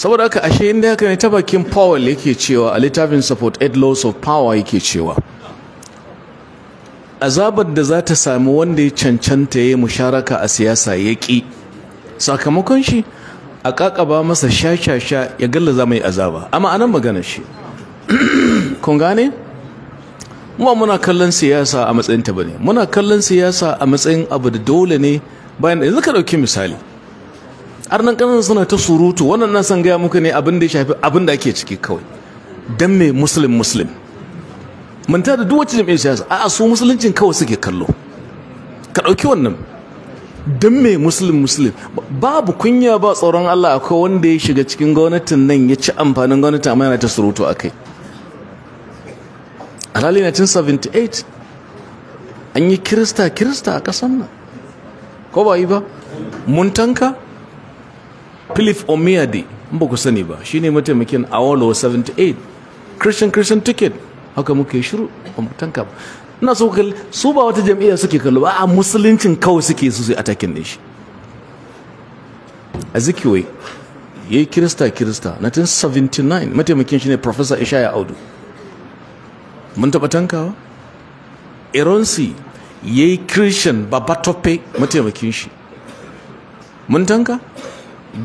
saboda haka ashe inda haka ne ta bakin powell yake cewa a littafin support aid laws of power yake cewa azabar da za ta sami wanda ya cancanta ya musharaka a siyasa ya ƙi sakamakon shi a ƙaƙaba masa sha-sha-sha ya gallaza mai azaba amma anan magana shi kun gane mu muna kallon siyasa a matsayin ta bane muna kallon siyasa a matsayin abu da dole ne bayan da yanzu ka ɗauki misali arnan kanan suna ta surutu wannan na san gaya muku ne abin da ya shafi abin da ake ciki kawai dan me muslim muslim manta da duk wacce jam'iyyar siyasa a'a su musuluncin kawai suke kallo ka ɗauki wannan dan me muslim muslim babu kunya ba tsoron Allah akwai wanda ya shiga cikin gwamnatin nan ya ci amfanin gwamnatin amma yana ta surutu akai alhali 1978 an yi kirista kirista a ƙasar nan ko ba yi ba mun tanka philip omiyadi in ba ku sani ba shine mataimakin wall 78 christian christian ticket haka muke shiru ba mu tanka ba ina so kalli su ba wata jam'iyyar suke kallo ba a musuluncin kawai suke su sai atakin din shi azikiwe yayi kirista kirista 1979 mataimakin shine professor ishaya audu mun taba tankawa eronsi yayi christian babatope mataimakin shi mun tanka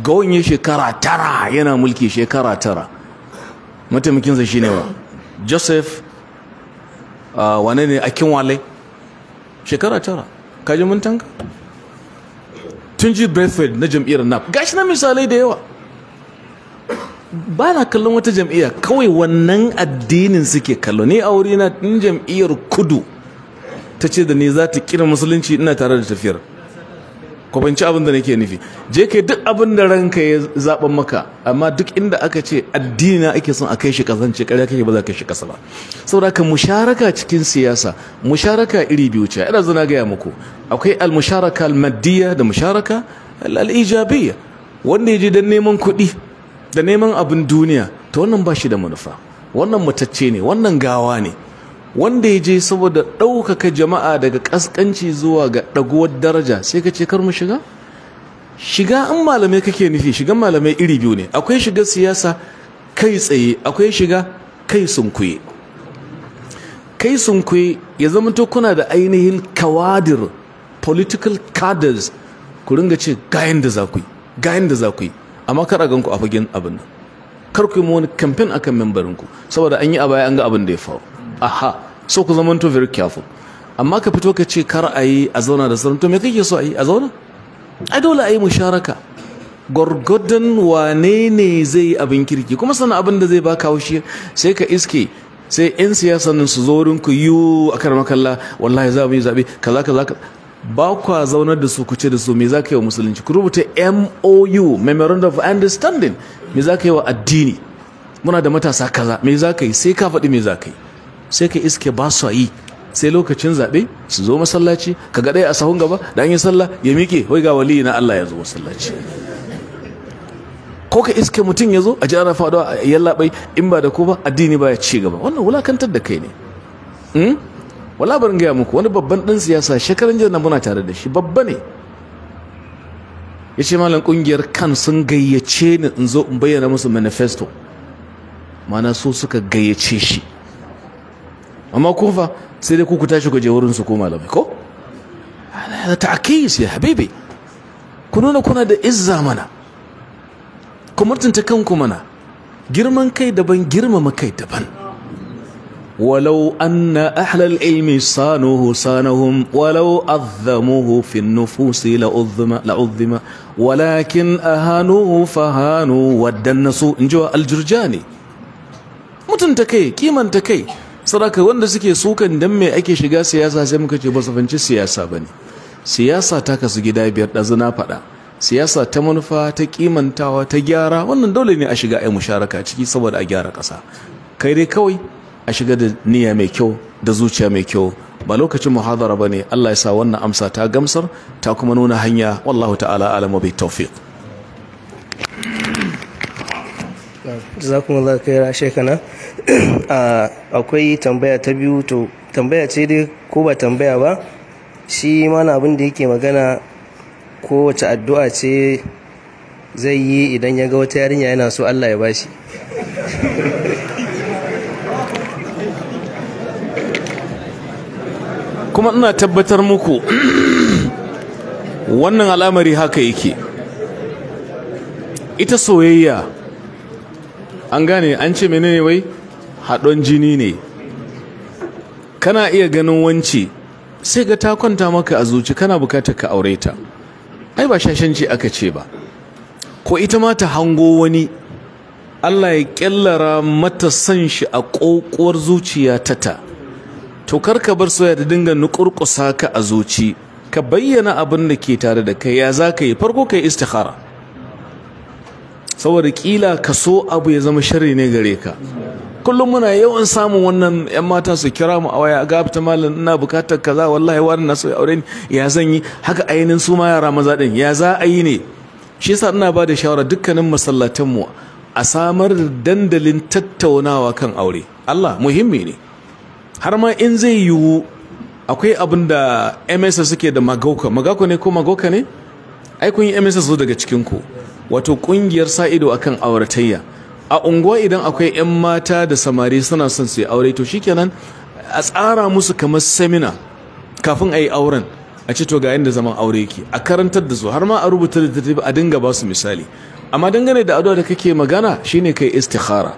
gawon ya shekara tara yana mulki shekara tara mataimakinsa shi ne wa joseph uh, wane ne kinwale shekara tara kaji mun tanka tun ji na jam'iyyar nap gashi na misalai da yawa ba na kallon wata jam'iyya kawai wannan addinin suke kallo ni a wuri na jam'iyyar kudu ta ce da ni za ta kira musulunci ina tare da tafiyar ban ci abin da nake nufi je ke duk abin da ranka ya zaɓa maka amma duk inda aka ce addini na ake son a kai shi kasance ƙarya kake ba za ka kai shi ƙasa ba saboda ka musharaka cikin siyasa musharaka iri biyu ce ina zana gaya muku akwai al-musharaka al-maddiya da musharaka al-ijabiyya wanda ya je don neman kuɗi da neman abin duniya to wannan ba shi da manufa wannan matacce ne wannan gawa ne wanda ya je saboda ɗaukaka jama'a daga ƙasƙanci zuwa ga ɗaguwar daraja sai ka ce kar mu shiga shiga an malamai kake nufi shigan malamai iri biyu ne akwai shiga siyasa kai tsaye akwai shiga kai sunkuye kai sunkuye ya zama to kuna da ainihin kawadir political cadres ku ringa ce gayan da za ku yi gayan da za ku yi amma kar a ganku a fagen abin nan kar ku yi wani kamfen akan membarinku saboda an yi a baya an ga abin da ya faru aha so ku zama to very careful amma ka fito ka ce kar a yi a zauna da sauran to me kake so a yi a zauna ai dole a yi musharaka gwargwadon wane ne zai abin kirki kuma sana abin da zai ba kawo shi sai ka iske sai 'yan siyasa nan su zo wurin ku yiwu a kan makalla wallahi za mu yi zaɓe kaza kaza ba kwa zaunar da su ku ce da su me za ka yi wa musulunci ku rubuta MOU memorandum of understanding me za ka yi wa addini muna da matasa kaza me za ka yi sai ka faɗi me za ka yi sai ka iske ba su yi sai lokacin zaɓe su zo masallaci ka ga ɗaya a sahun gaba da an yi sallah ya miƙe wai ga wali na Allah ya zo masallaci ko ka iske mutum ya zo a ji ana faɗo a yallaɓai in ba da ko ba addini ba ya ci gaba wannan wulakantar da kai ne hmm? wala barin gaya muku wani babban ɗan siyasa shekaran jiya na muna tare da shi babba ne ya ce malam ƙungiyar kan sun gayyace ni in zo in bayyana musu manifesto mana so suka gayyace shi amma ku fa sai dai ku tashi ku je wurin su ko malamai ko hada ta'kis ya habibi ku nuna kuna da izza mana ku mutunta kanku mana girman kai daban girmama kai daban ولو أن أهل العلم صانوه صانهم ولو أظموه في النفوس لأظم لأظم ولكن أهانوه فهانوا ودنسوا إنجوا الجرجاني متن تكي كيمن تكي sadaka wanda suke sukan dan me ake shiga siyasa sai muka ce ba su fanci siyasa ba ne siyasa ta kasu gida biyar zina faɗa siyasa ta manufa ta kimantawa ta gyara wannan dole ne a shiga ai musharaka ciki saboda a gyara kasa. kai dai kawai a shiga da niyya mai kyau da zuciya mai kyau ba lokacin muhadara bane Allah ya sa wannan amsa ta gamsar ta kuma nuna hanya wallahu ta'ala alamu bi tawfiq kai khaira shekana akwai tambaya ta biyu to tambaya ce dai ko ba tambaya ba shi mana abin da yake magana kowace addu'a ce zai yi idan ya ga wata yarinya yana so Allah ya bashi kuma ina tabbatar muku wannan al'amari haka yake ita soyayya an gane an ce menene wai haɗon jini ne kana iya ganin wance sai ga ta kwanta maka a zuci kana bukatar ka aure ta ai ba shashanci aka ce ba ko ita ma ta hango wani Allah ya kyallara mata san shi a ƙoƙuwar zuciya ta ta to kar ka bar soya da dinga nukurkusa ka a zuci ka bayyana abin da ke tare da kai ya za ka yi farko ka yi istikhara saboda kila ka so abu ya zama sharri ne gare ka kullum muna yawan samun wannan yan mata su kira mu a waya ga ta malam ina bukatar kaza wallahi wani na so aure ni ya zan yi haka ainihin su ma yara maza din ya za a yi ne shi yasa ina ba da shawara dukkanin masallatan mu a samar da dandalin tattaunawa kan aure Allah muhimmi ne har ma in zai yiwu akwai abin da MS suke da magauka magauka ne ko magauka ne ai kun yi ms zo daga cikin ku wato kungiyar sa ido akan auratayya a unguwa idan akwai 'yan mata da samari suna son su yi aure to shikenan a tsara musu kamar semina kafin a yi auren a ce to ga yadda zaman aure yake a karantar da su har ma a rubuta littattafi a dinga ba su misali amma dangane da addu'a da kake magana shine kai istikhara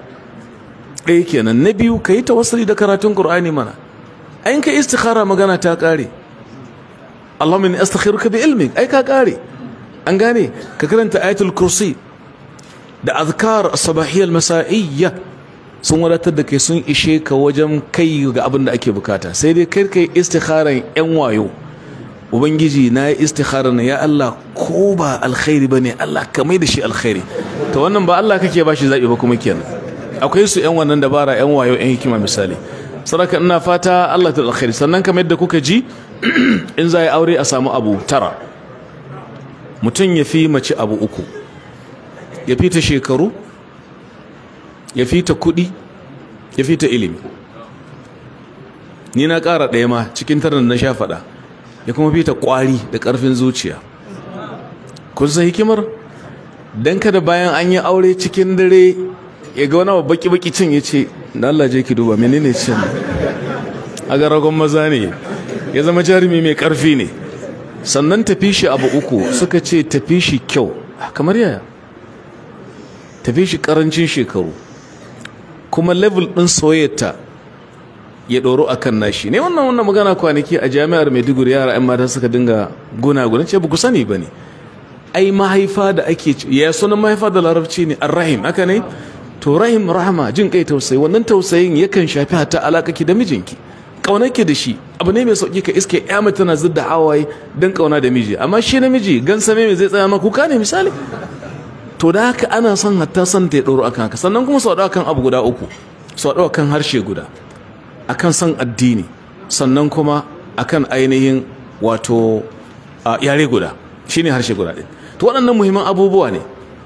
ɗaya kenan na biyu kai tawassuli da karatun qur'ani mana ayin kai istikhara magana ta kare Allahumma inni astakhiruka bi ilmik ai ka kare an gane ka karanta ayatul kursi da azkar sabahiyar masa'iyya sun wadatar da kai sun ishe ka wajen kai ga abin da ake bukata sai dai kai kai istikharan yan wayo ubangiji na yi istikharan ya Allah ko ba alkhairi bane Allah ka mai da shi alkhairi to wannan ba Allah kake bashi zabi ba kuma kenan akwai su yan wannan dabara yan wayo yan hikima misali saraka ina fata Allah ta alkhairi sannan kamar yadda kuka ji in za a yi aure a samu abu tara mutum ya fi mace abu uku ya fi ta shekaru ya fi ta kudi ya fi ta ilimi ni na ƙara ɗaya ma cikin tarin na sha faɗa ya kuma fi ta ƙwari da ƙarfin zuciya kun san hikimar don kada bayan an yi aure cikin dare ya ga wani baki-baki cin ya ce Na Allah je ki duba menene cin a ga ragon maza ne ya zama jarumi mai ƙarfi ne sannan tafi shi abu uku suka ce tafi shi kyau kamar yaya tafi shi karancin shekaru kuma level ɗin soyayyata ya ɗoro a kan nashi ne wannan wannan magana kwanaki a jami'ar maiduguri yara 'yan mata suka dinga guna ce ba ku sani ba ne ai mahaifa da ake ya sunan mahaifa da larabci ne arrahim haka ne to rahim rahama jin kai tausayi wannan tausayin yakan shafi hata alakaki da mijinki ƙaunarki da shi abu ne mai sauki ka iske ya mace tana zidda hawaye don kauna da miji amma shi namiji gan same mai zai tsaya ma kuka ne misali to da haka ana son hatta son ta ya ɗoro akan haka sannan kuma sau kan abu guda uku sauɗa kan harshe guda a kan son addini sannan kuma a kan ainihin wato yare guda shine harshe guda ɗin to waɗannan muhimman abubuwa ne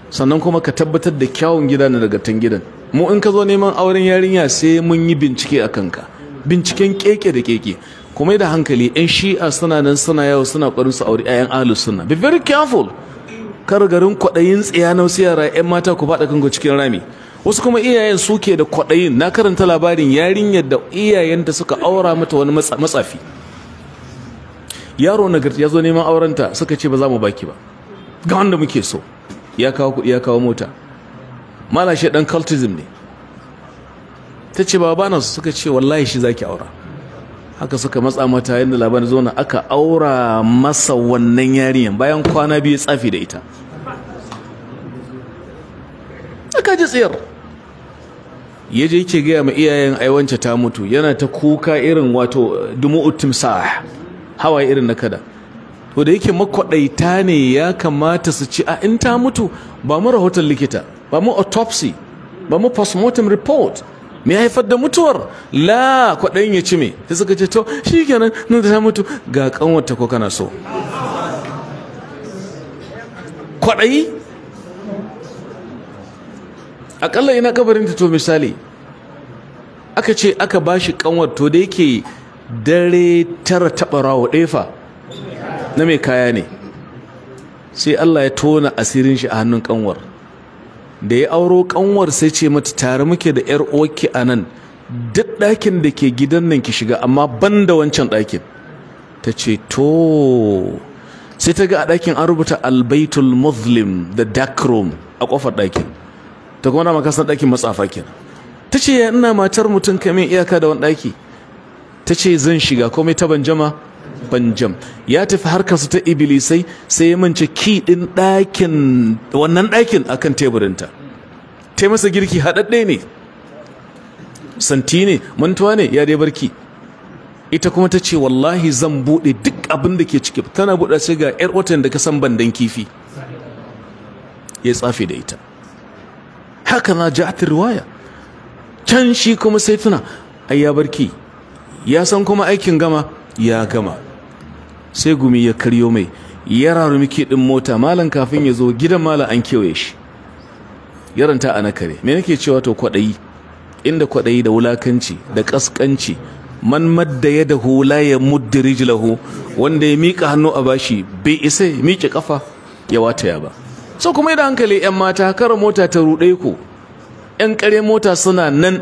sannan kuma ka tabbatar da kyawun gida na daga tun gidan mu in ka zo neman auren yarinya sai mun yi bincike a kanka binciken keke da keke kuma da hankali yan shi'a suna nan suna yawo suna ƙwarin su aure ƴaƴan ahlus sunna be very careful kar garin kwaɗayin na wasu yara yan mata ku faɗa kanku cikin rami wasu kuma iyayen suke da kwaɗayin na karanta labarin yarinyar da iyayenta suka aura mata wani matsafi yaro na ya zo neman aurenta suka ce ba za mu baki ba ga wanda muke so ya kawo kuɗi ya kawo mota shi dan cultism ne ta ce ba bana suka ce wallahi shi zaki aura haka suka matsa mata yadda labarin zauna aka aura masa wannan yarinyar bayan kwana biyu tsafi da ita aka ji tsayar ya je yake gaya ma iyayen aiwance ta mutu yana ta kuka irin wato dumu'ut sa'a, hawaye irin na kada to da yake makwaɗaita ne ya kamata su ci a in ta mutu ba mu rahoton likita ba mu autopsy ba mu postmortem report me ya haifar da mutuwar la kwaɗayin ya ci me sai suka ce to shi kenan nan da ta mutu ga ƙanwata ko kana so kwaɗayi aƙalla ina kabarin ta to misali aka ce aka ba shi ƙanwar to da yake dare tara taɓa rawa ɗefa na mai kaya ne sai Allah ya tona asirin shi a hannun ƙanwar da ya auro kanwar sai ce mata tare muke da yar oki a nan duk ɗakin da ke gidan nan ki shiga amma ban da wancan ɗakin ta ce to sai ta ga a ɗakin an rubuta albaitul muslim da dark room a ƙofar ɗakin ta kuma na makasar ɗakin matsafa kenan ta ce ina matar mutum kamin iyaka da wani ɗaki ta ce zan shiga komai ta ban jama banjam ya tafi harkarsa ta ibilisai sai ya mance ki din ɗakin wannan ɗakin akan teburinta ta masa girki haɗaɗɗe ne santi ne mantuwa ne ya dai barki ita kuma ta ce wallahi zan buɗe duk abin da ke ciki tana buɗe sai ga 'yar watan da ka san bandan kifi ya tsafe da ita haka na ji ruwaya. can shi kuma sai tuna ai ya barki ya san kuma aikin gama ya gama sai gumi ya karyo mai ya rarumi kiɗin mota malam kafin ya zo gidan malam an kewaye shi yaranta a nakare me nake cewa to kwaɗayi inda kwaɗayi da wulakanci da ƙasƙanci man madda ya da hula ya muddi rijilahu wanda ya miƙa hannu a bashi bai isa ya miƙe ƙafa ya wataya ba so kuma yi da hankali 'yan mata kar mota ta ruɗe ku 'yan ƙare mota suna nan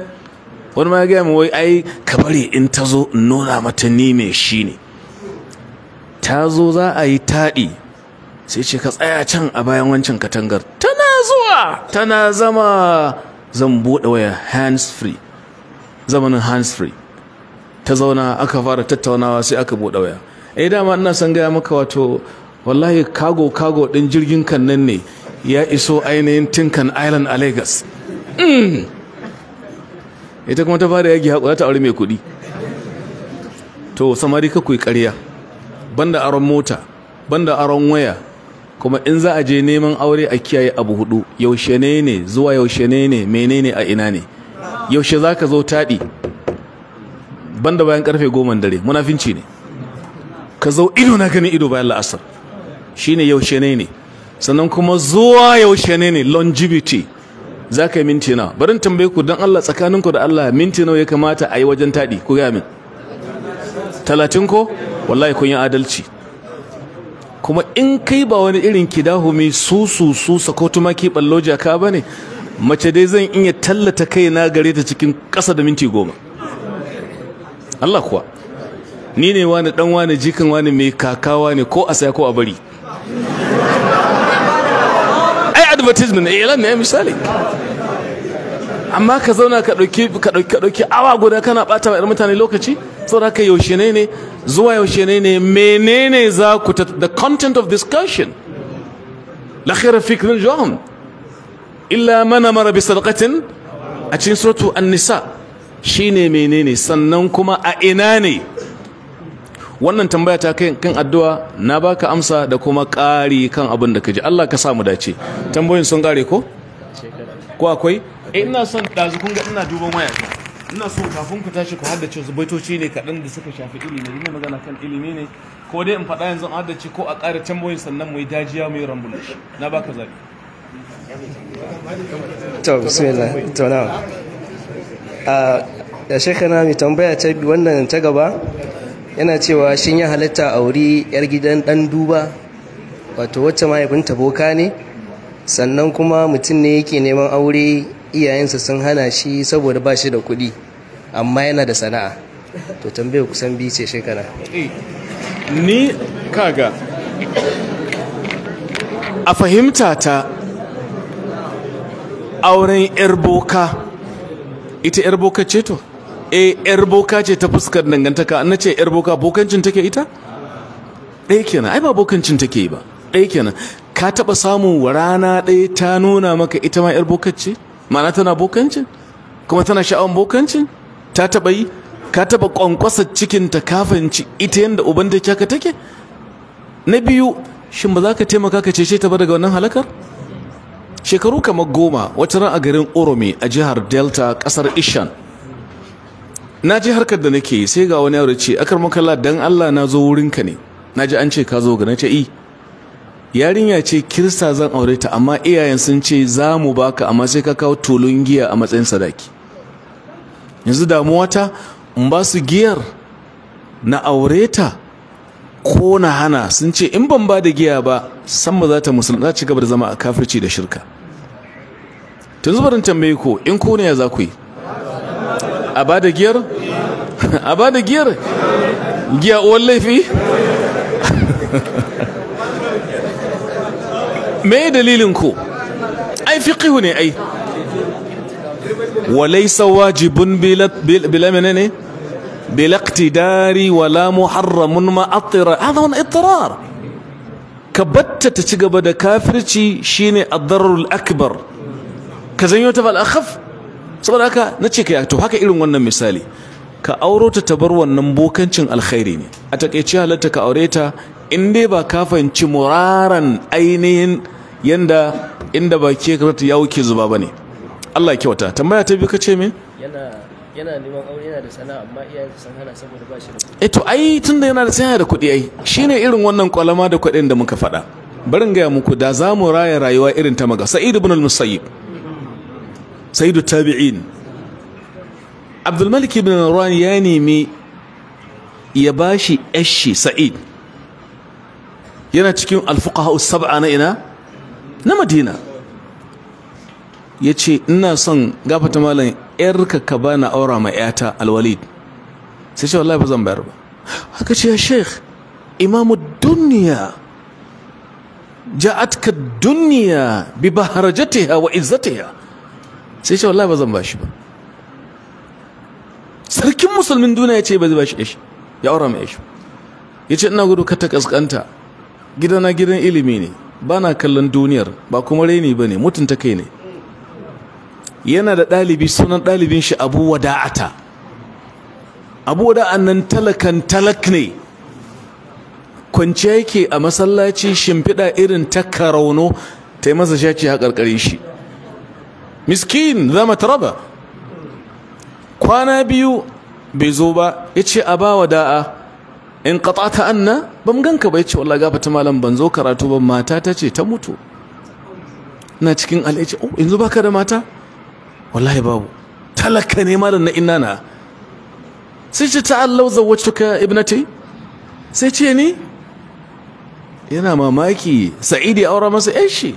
wani ma ya gaya wai ai ka bari in ta zo nuna mata ni mai shi ne ta zo za a yi taɗi sai ce ka tsaya can a bayan wancan katangar tana zuwa tana zama zan buɗe waya hands free zamanin hands free ta zauna aka fara tattaunawa sai aka buɗe waya eh dama ina son gaya maka wato wallahi kago kago ɗin jirgin kan nan ne ya iso ainihin tinkan island a lagos mm. ita kuma ta fara yaki haƙura ta aure mai kuɗi to samari ka kuyi ƙarya banda aron mota banda aron waya kuma in za a je neman aure a kiyaye abu hudu yaushe ne ne zuwa yaushe ne ne menene a ina ne yaushe za ka zo taɗi banda bayan karfe goma dare munafinci ne ka zo ido na ganin ido bayan la'asar shine yaushe ne ne sannan kuma zuwa yaushe ne ne longevity za ka yi minti nawa barin tambaye ku don Allah tsakaninku da Allah minti nawa ya kamata a yi wajen taɗi ku gaya min talatin ko wallahi kun yi adalci kuma in kai ba wani irin kidahu mai susu su tuma ki ballo jaka ba ne mace dai zan iya tallata kaina gare ta cikin ƙasa da minti goma Allah kuwa ni ne wani dan wani jikin wani mai kakawa ne ko a saya ko a bari ai advertisement ne yalan ne misali amma ka zauna ka dauki ka dauki awa guda kana bata wa mutane lokaci saboda ka yaushe ne ne zuwa yaushe ne ne menene za ku the content of discussion la khira fikrin john illa mana mara bi sadaqatin a cikin suratu an-nisa shine menene sannan kuma a ina ne wannan tambaya ta kai kan addu'a na baka amsa da kuma ƙari kan abin da kaji Allah ka samu dace tambayoyin sun ƙare ko ko akwai eh, ina son dazu kun ga ina duban waya ina so kafin ku tashi ku haddace wasu baitoci ne kaɗan da suka shafi ilimi ina magana kan ilimi ne ko dai in faɗa yanzu an haddace ko a ƙara tambayoyin sannan mu yi dajiya mai yi na baka zabi to bismillah to na a na mai tambaya ta wannan ta gaba yana cewa shin ya halatta a wuri yar gidan dan duba wato wacce mahaifinta boka ne sannan kuma mutum ne yake neman aure iyayensa sun hana shi saboda ba shi da kuɗi amma yana da sana'a to tambaya kusan biyu ce shekara eh, ni kaga a fahimta ta auren yar boka ita yar boka ce to e eh, yar boka ce ta fuskar dangantaka an ce yar boka bokancin take ita ɗaya kenan ai ba bokancin take yi ba ɗaya kenan ka taɓa samun rana ɗaya ta nuna maka ita ma yar boka ce ma'ana tana bokancin kuma tana sha'awan bokancin ta taba yi ka taba kwankwasa cikin ta kafanci ita yadda uban ta kyaka take na biyu shin ba za ka taimaka ka cece ta ba daga wannan halakar shekaru kamar goma wata ran a garin oromi a jihar delta kasar ishan na ji harkar da nake sai ga wani yaro ce akar makalla dan allah na zo wurinka ne na ji an ce ka zo ga na ce i eh. yarinya ce kirista zan aure ta amma iyayen sun ce za mu baka amma sai ka kawo tulun giya a matsayin sadaki yanzu damuwa ta in ba su giyar na aure ta ko na hana sun ce in ban ba da giya ba san ba za ta musulun za ci gaba da zama a kafirci da shirka tun zubarin tambaye ko in ko ne ya za ku yi a ba da giyar a ba da giyar giya uwan laifi me dalilin ku ai fiqhu ne ai walaysa wajibun bil menene bil iqtidari wala muharramun ma atira hada wani ittirar kabatta ta cigaba da kafirci shine ad-darrul akbar ka zanyo ta bal akhaf saboda haka nace kai to haka irin wannan misali ka aurota ta bar wannan bokancin alkhairi ne a takeici halarta ka aureta? in dai ba ka fahimci muraran ainihin yanda inda baki karatu ya wuke zuba ba ne Allah ya kyauta tambaya ta biyu ka ce min yana neman aure yana da sana'a amma iyayen sun hana saboda ba shi da kuɗi eh to ai tunda yana da sana'a da kuɗi ai shine irin wannan kwalama da kuɗin da muka faɗa barin gaya muku da za mu raya rayuwa irin ta maga sa'id ibn al-musayyib sayyidu tabi'in abdul malik ibn ya nemi ya bashi yashi sa'id yana cikin alfuqaha sab'a na ina na madina ya ce ina son gafata malam yarka ka bana aura ma yata alwalid sai shi wallahi ba zan bayar ba haka ce ya sheikh imamu duniya ja'atka duniya bi baharajatiha wa izzatiha sai ce wallahi ba zan bashi ba sarkin musulmin duniya ya ce ba zai bashi ya aura ma ya ce ina gudu ka ta kaskanta gidana gidan ilimi ne ba na kallon duniyar ba kuma raini ba ne mutunta kai ne yana da ɗalibi sunan ɗalibin shi abu wada'ata abu wada'an nan talakan talak ne kwanciya yake a masallaci shimfiɗa irin ta karauno ta yi masa shaci a ƙarƙarin shi miskin zama raba. kwana biyu bai zo ba ya ce a ba wada'a in qata'ta anna bam ganka ba yace wallahi ta malam ban zo karatu ba mata ta ce ta mutu na cikin alhaji oh yanzu baka da mata wallahi babu talaka ne malam na inna na sai ce ta'allau zawwatuka ibnati sai ce ni yana mamaki sa'idi aura masa yan shi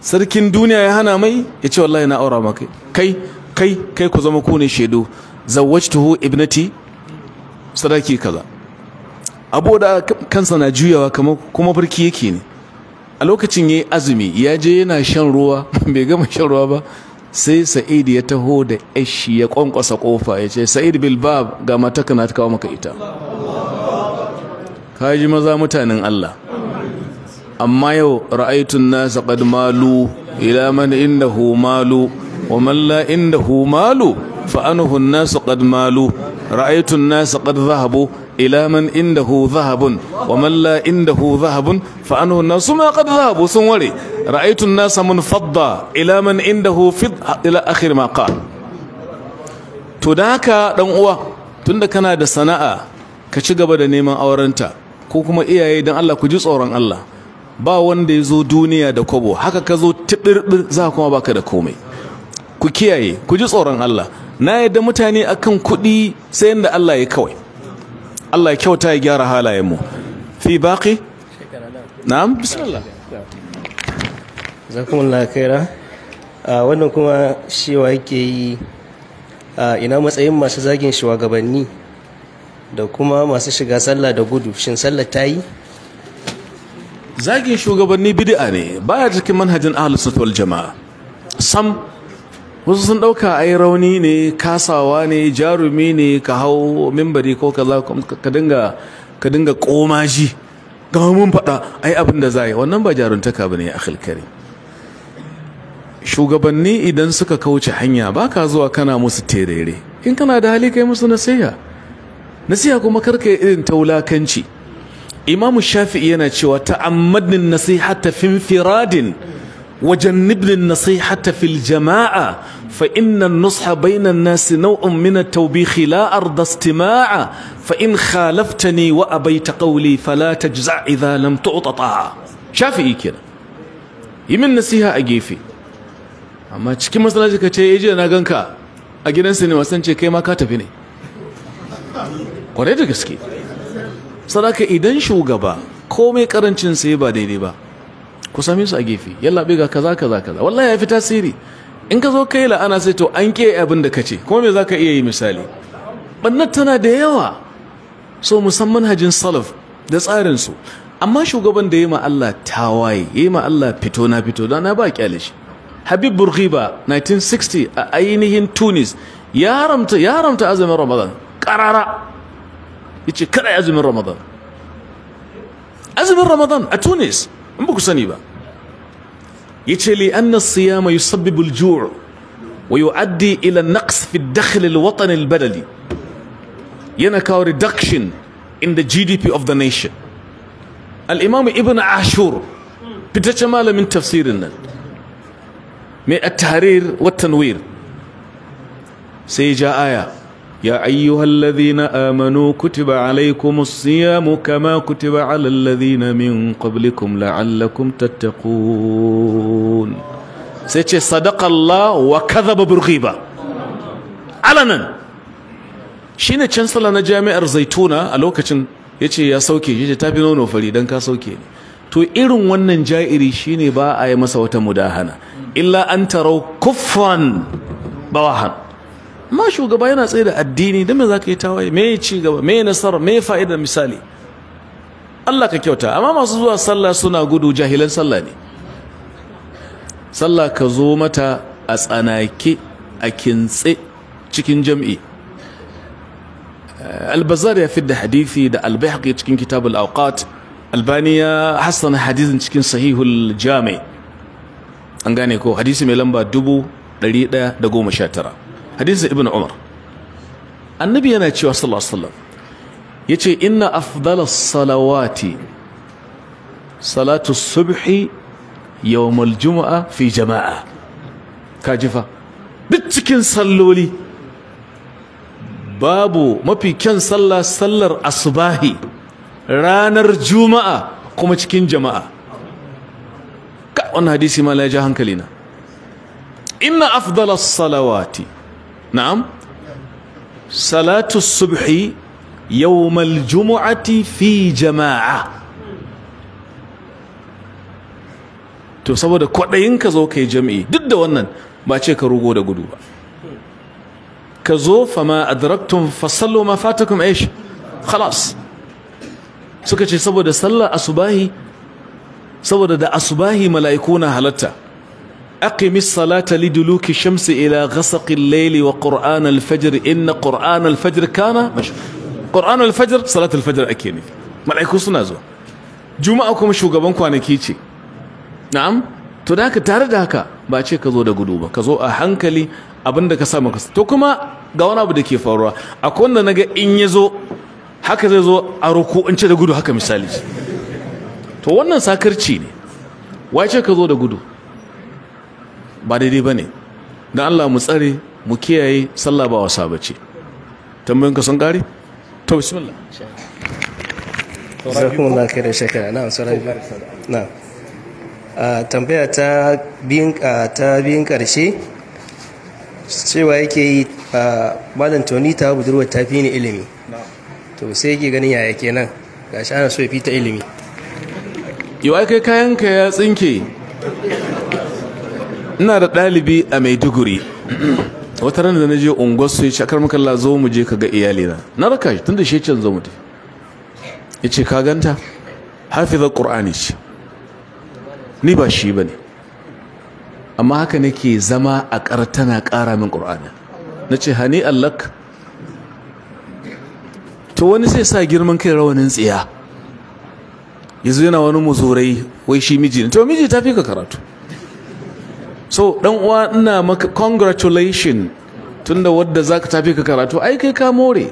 sarkin duniya ya hana mai ya ce wallahi na aura maka kai kai kai ku zama ku ne shaidu zawwajtuhu ibnati sadaki kaza abu da kansa na juyawa kamar kuma farki yake ne a lokacin yayi azumi ya je yana shan ruwa bai gama shan ruwa ba sai sa'id ya taho da ashi ya kwankwasa kofa ya ce sa'id bilbab ga mataka na ta kawo maka ita kaji maza mutanen Allah amma yau ra'aitun nasa qad malu ilaman inda hu malu wa malla inda hu malu fa anhu an malu ra'aitun nasa qad zahabu. ila man indahu zahabun wa man la zahabun fa anhu nasu ma qad zahabu sun ware ra'aytu an-nasa munfadda ila man indahu fid ila akhir ma qala to da haka ɗan uwa tunda kana da sana'a ka ci gaba da neman aurenta ko kuma iyaye dan Allah ku ji tsoron Allah ba wanda ya zo duniya da kobo haka ka zo tiɗirɗir za kuma baka da komai ku kiyaye ku ji tsoron Allah na yadda mutane akan kuɗi sai yadda Allah ya kawai Allah ya kyauta ya gyara halayen mu fi baki? na'am bismillah wannan kuma shewa yake yi ina matsayin masu zagin shugabanni da kuma masu shiga sallah da gudu shin sallah ta yi zagin shugabanni bid'a ne baya cikin manhajin ahlus sunnah wal jama'a sam wasu sun ɗauka ai rauni ne kasawa ne jarumi ne ka hau mimbari ko ka dinga ka dinga komaji ga mun faɗa ai abin da za yi wannan ba jaruntaka ba ne a khilkari shugabanni idan suka kauce hanya ba ka zuwa kana musu terere in kana da hali kai musu nasiha nasiha kuma karka irin taulakanci imamu shafi'i yana cewa ta'ammadin nasiha ta finfiradin وجنبنا النصيحة في الجماعة فإن النصح بين الناس نوع من التوبيخ لا أرضى استماعا فإن خالفتني وأبيت قولي فلا تجزع إذا لم تعط طاعة شافي كده يمن نصيحة أجيفي amma cikin matsalaci ka ce ya ji na ganka a gidansa ne wasan ce kai ma ka tafi ne kwarai da gaske sadaka idan shugaba komai karancinsa ya ba daidai ba ku same su a gefe yalla bai ga kaza kaza kaza wallahi ya fi tasiri in ka zo kai la'ana sai to an ke abin da kace kuma me zaka iya yi misali bannan tana da yawa so musamman hajin salaf da tsarin su amma shugaban da ya ma Allah tawaye yi ma Allah fito na fito da na ba kyale shi Habib Bourguiba 1960 a ainihin Tunis ya haramta ya haramta azumin Ramadan karara yace kada azumin Ramadan azumin Ramadan a Tunis مبوكو سنيبا يتشلي أن الصيام يسبب الجوع ويؤدي إلى النقص في الدخل الوطني البلدي ينكاو reduction in the GDP of the nation الإمام ابن عاشور بتجمال من تفسيرنا من التحرير والتنوير سيجا آية يا أيها الذين آمنوا كتب عليكم الصيام كما كتب على الذين من قبلكم لعلكم تتقون سيتي صدق الله وكذب بالغيبة علنا شين تشانسلا نجامع الزيتونة الوكتشن yace ya sauke yace tafi nono fari dan ka sauke to irin wannan ja'iri shine ba a yi masa wata mudahana illa an tarau kuffan bawahan Ma shugaba yana tsaye da addini don me za ka yi tawaye me ci gaba me nasara me fa'idar misali Allah ka kyauta amma masu zuwa sallah suna gudu jahilan sallah ne sallah ka zo mata a tsanake a kintse cikin jam'i eh, albazar ya fidda hadithi da albayhaqi cikin kitab al-awqat albani ya hassana hadithin cikin sahihul Jami'i. an gane ko hadithi mai lamba tara. hadisin ibn umar annabi yana cewa sallallahu alaihi wasallam yace inna afdalas salawati salatu subhi yawmal jumu'a fi jama'a kajifa duk cikin salloli babu mafi kyan sallah sallar asubahi ranar juma'a kuma cikin jama'a ka wannan hadisi ma la ja hankalina inna afdalas salawati na'am salatu subhi yawmal jumu'ati fi jama'a to saboda kwaɗayin ka zo kai jami'i duk da wannan ba ce ka rugo da gudu ba ka zo fama adraktum fasallo ma fatakum aish khalas suka ce saboda sallar asubahi saboda da asubahi mala'iku na halatta أقم الصلاة لدلوك الشمس إلى غسق الليل وقرآن الفجر إن قرآن الفجر كان مشهور قرآن الفجر صلاة الفجر أكيني ملائكو سنازو جمعة كم شو قبان كوانا كيشي نعم تداك تارد هكا باچه كزو دا قدوبة كزو أحنكلي abin da ka sa maka to kuma ga wani abu da ke faruwa akwai wanda naga in ya zo haka zai zo a roko in ce da gudu haka misali to wannan sakarci ne wace ka zo da gudu ba daidai ba ne don allah mu tsare mu kiyaye sallah ba wasa ba ce tambayinka sun ƙari? ta wasu zakon na kai da shekara na na tambaya ta biyun ƙarshe cewa yake yi malam toni ta budurwar ta fi ni ilimi to sai yake ganin yaya kenan shi ana so ya fi ta ilimi yau kai kayan kayanka ya tsinke ina da ɗalibi a maiduguri wata ran da na je unguwarsu su ya ce akar makalla zo mu je ka ga iyalina na raka shi tun da shi can zo mu ya ce ka ganta hafizar ƙur'ani ce ni ba shi ba ne amma haka nake zama a ƙar tana ƙara min ƙur'ani na ce hani allak to wani sai sa girman kai rawanin tsiya yanzu yana wani muzurai wai shi miji ne to miji ta fi ka karatu so dan uwa ina maka congratulation tunda wadda zaka tafi ka karatu ai kai ka more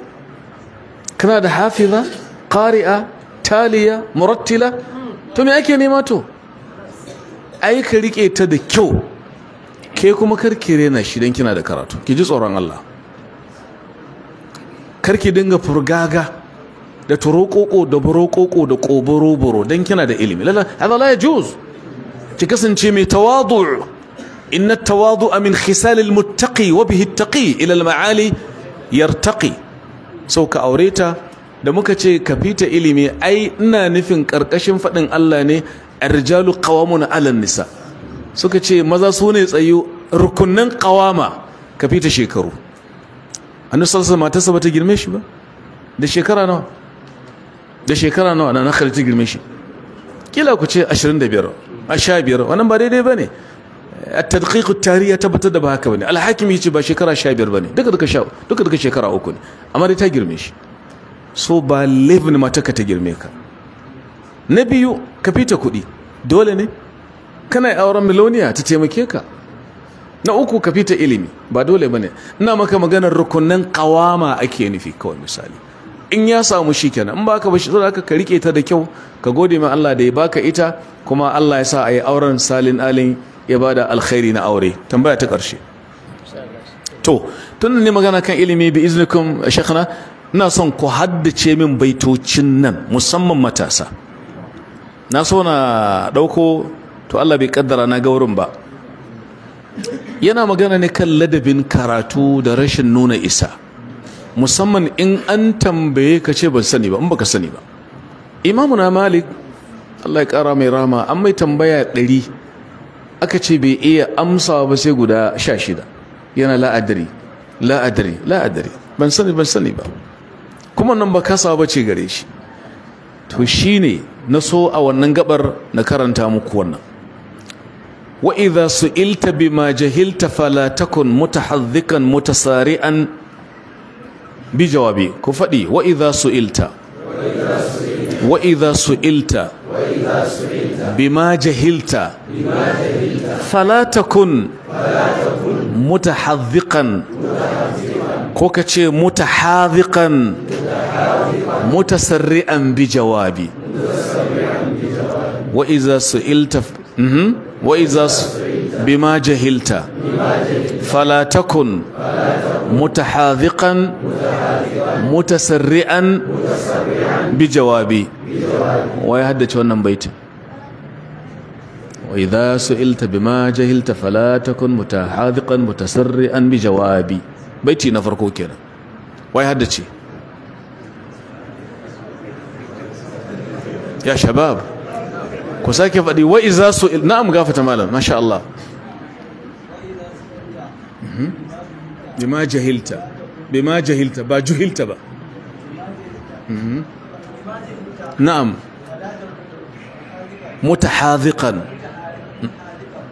kana da hafiza qari'a taliya murattila to me ake nema to ai ka rike ta da kyau ke kuma karki rena shi dan kina da karatu ki ji tsoron Allah karki dinga furgaga da turokoko da burokoko da koboroboro dan kina da ilimi lalla hada la yajuz ki kasance mai tawadu' إن التواضع من خسال المتقي وبه التقي إلى المعالي يرتقي سوك أوريتا da muka ce ka fita ilimi ai ina nufin karkashin faɗin Allah ne arjalu qawamuna alan nisa suka ce maza su ne tsayu rukunnan qawama ka fita shekaru annabi sallallahu alaihi wasallam ta girme ba da shekara nawa da shekara nawa na nakhalti girme shi kila ku ce wannan ba daidai A tadqiq at-tarihi ya tabbatar da ba haka bane al-hakim yace ba shekara 15 bane duka duka sha duka shekara uku ne amma dai ta girme shi so ba laifin mataka ta girme ka na biyu ka fita kuɗi dole ne kana auren miloniya ta taimake ka na uku kafita ilimi ba dole bane ina maka maganar rukunin ƙawama ake nufi kawai misali in ya samu shi kenan in baka ba shi saboda ka rike ta da kyau ka gode ma Allah da ya baka ita kuma Allah ya sa a yi auren salin alin ya bada alkhairi na aure tambaya ta ƙarshe to tun ne magana kan ilimi bi iznikum shekhana ina son ku haddace min baitocin nan musamman matasa na so na ɗauko to Allah bai kaddara na gaurin ba yana magana ne kan ladabin karatu da rashin nuna isa musamman in an tambaye ka ce ban sani ba in baka sani ba imamu na malik Allah ya kara mai rama an mai tambaya ɗari aka ce bai iya amsa ba sai guda sha shida yana la'adari la'adari la'adari ban sani ban sani ba kuma nan ba kasa ba ce gare shi to ne na so a wannan gabar na karanta muku wannan wa idza su'ilta bima jahilta fala takun mutahadhikan mutasari'an bi jawabi ku faɗi wa idha su'ilta wa idha su'ilta bima jahilta fala takun mutahadhiqan ko kace mutahadhiqan mutasarri'an bi jawabi wa idha su'ilta mhm, wa idha bima jahilta فلا تكن متحاذقا متسرعا بجوابي ويهدج wannan baitin وإذا سئلت بما جهلت فلا تكن متحاذقا متسرعا بجوابي بيتي na farko kenan wai haddace ya shabab ku sake faɗi wa iza su'il na'am gafata malam masha Allah Mhm. bima jahilta bima jahilta ba juhilta ba mhm. na'am mutahadhiqan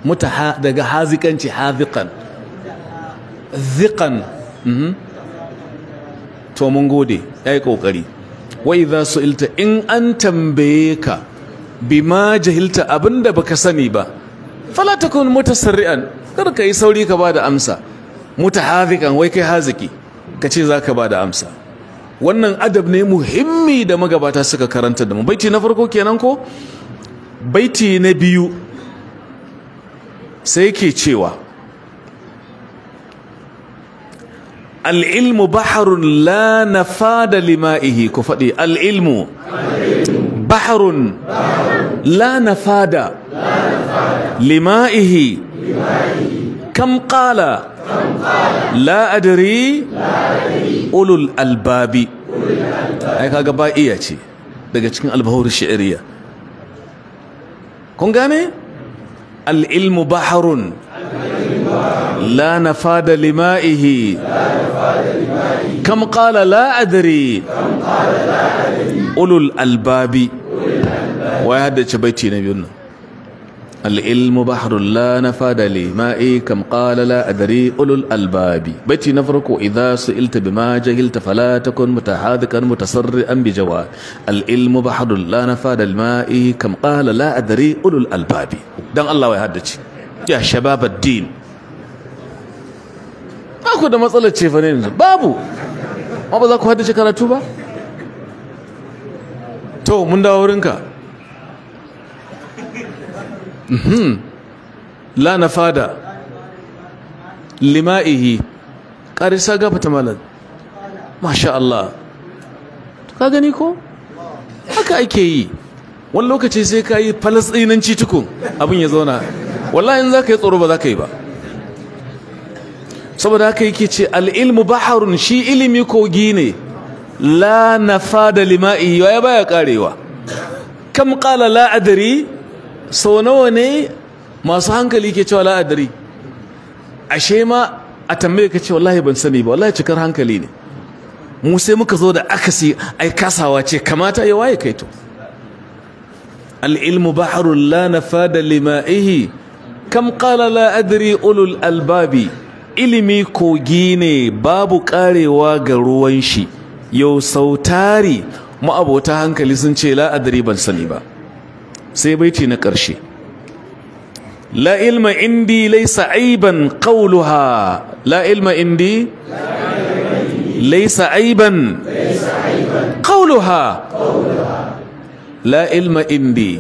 mutaha daga hazikanci haziqan ziqan mhm. to mun gode yayi kokari wa idza su'ilta in an tambaye ka bima jahilta abinda baka sani ba fala takun mutasarrian kar ka yi sauri ka bada amsa mutahazikan wai kai haziki ka ce za ka ba da amsa wannan adab ne muhimmi da magabata suka karanta da mu baiti na farko kenan ko baiti na biyu sai ke cewa al'ilmu baharun la na fada lima'ihi ku faɗi al'ilmu baharun la na fada lima'ihi kam ƙala La adari ulul albabi, ai, kaga ba iya ce daga cikin albahur shi'riya. Kun gane? Al’ilmu baharun, la na fada lima’ihi, kam kala la adari ulul albabi, wa ya haddace baiti na biyun nan. العلم بحر لا نفاد لمائي كم قال لا أدري أولو الألباب بيتي نفرك إذا سئلت بما جهلت فلا تكن متحاذكا متسرئا بجواب العلم بحر لا نفاد لمائي كم قال لا أدري أولو الألباب دان الله يهدج يا شباب الدين أكو دا مسألة شيفانين بابو ما بذاكو هدج كاراتوبا تو من داورنكا Mhm. la na fada lima'ihi ƙarisa gafa ta malar masha Allah ka gani ko haka ake yi wani lokaci sai ka yi falasɗinanci tukun abin ya zauna in za ka yi tsoro ba za ka yi ba saboda haka yake ce al'ilmu baharun shi ilimi kogi ne la na fada lima'ihi ya baya karewa kam ƙala la'adari sau nawa ne masu hankali ke cewa la'adari ashe ma a tambaye ka ce wallahi ban sani ba wallahi cikar hankali ne mu sai muka zo da akasi ai kasawa ce kamata ya waye kai to al-ilmu bahrun la nafada lima'ihi kam qala la ulul albabi ilimi kogi ne babu karewa ga ruwan shi yau sautari ma'abota hankali sun ce la ban sani ba sai baiti na ƙarshe la ilma indi laysa aiban qawluha la ilma indi laysa aiban qawluha la ilma indi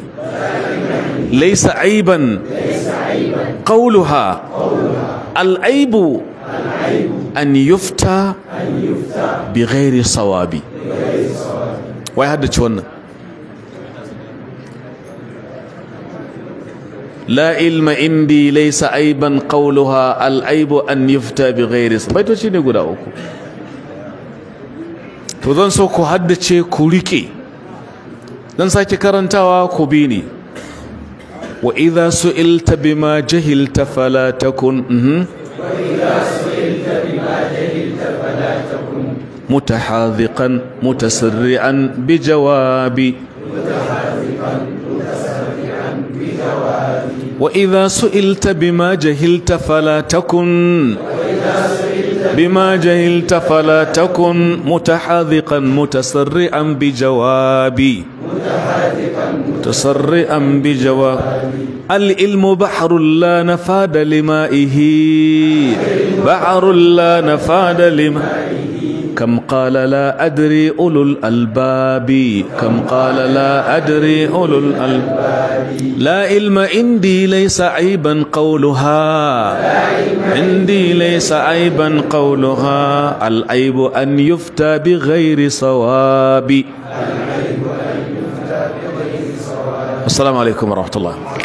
laysa aiban qawluha al aibu an yufta bi ghairi sawabi wai haddace wannan la ilma indi sa aiban qawluha al'aibu aibu an yufta bi ghairi baitoci ne guda uku to zan so ku haddace ku rike dan sake karantawa ku bi ni wa idha su'ilta bima jahilta fala takun wa idha su'ilta bima jahilta fala takun mutahadhiqan mutasarri'an bi jawabi mutahadhiqan وإذا سئلت بما جهلت فلا تكن بما جهلت فلا تكن متحاذقا متسرعا بجوابي متسرعا بجواب العلم بحر لا نفاد لمائه بحر لا نفاد لمائه كم قال لا أدري أولو الألباب كم قال لا أدري أولو الألباب لا علم عندي ليس عيبا قولها عندي ليس عيبا قولها العيب أن يفتى بغير صواب السلام عليكم ورحمة الله